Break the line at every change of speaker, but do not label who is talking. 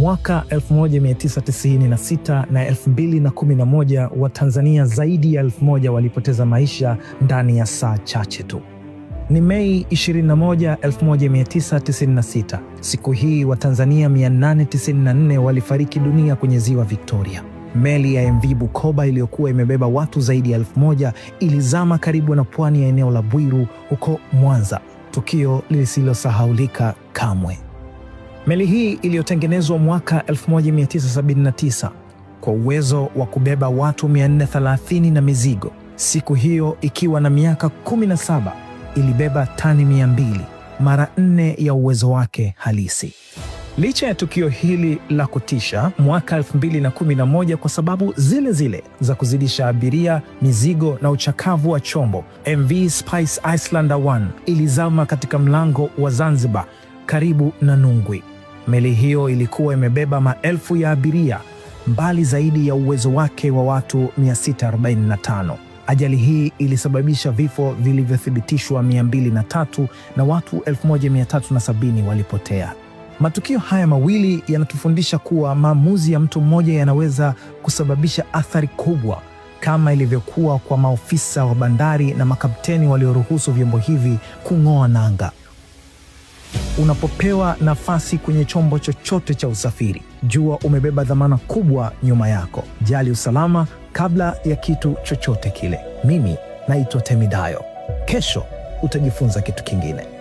Mwaka 1996 na 2011 Watanzania zaidi ya 1000 walipoteza maisha ndani ya saa chache tu. Ni Mei 21, 1996. Siku hii Watanzania 894 walifariki dunia kwenye ziwa Victoria. Meli ya MV Bukoba iliyokuwa imebeba watu zaidi ya 1000 ilizama karibu na pwani ya eneo la Bwiru huko Mwanza, tukio lisilosahaulika kamwe. Meli hii iliyotengenezwa mwaka 1979 kwa uwezo wa kubeba watu 430 na mizigo, siku hiyo ikiwa na miaka 17, ilibeba tani 200, mara nne ya uwezo wake halisi. Licha ya tukio hili la kutisha mwaka 2011, kwa sababu zile zile za kuzidisha abiria, mizigo na uchakavu wa chombo, MV Spice Islander 1 ilizama katika mlango wa Zanzibar karibu na Nungwi. Meli hiyo ilikuwa imebeba maelfu ya abiria, mbali zaidi ya uwezo wake wa watu 645. Ajali hii ilisababisha vifo vilivyothibitishwa 203 na watu 1370 walipotea. Matukio haya mawili yanatufundisha kuwa maamuzi ya mtu mmoja yanaweza kusababisha athari kubwa, kama ilivyokuwa kwa maofisa wa bandari na makapteni walioruhusu vyombo hivi kung'oa nanga. Unapopewa nafasi kwenye chombo chochote cha usafiri, jua umebeba dhamana kubwa nyuma yako. Jali usalama kabla ya kitu chochote kile. Mimi naitwa Temidayo. Kesho utajifunza kitu kingine.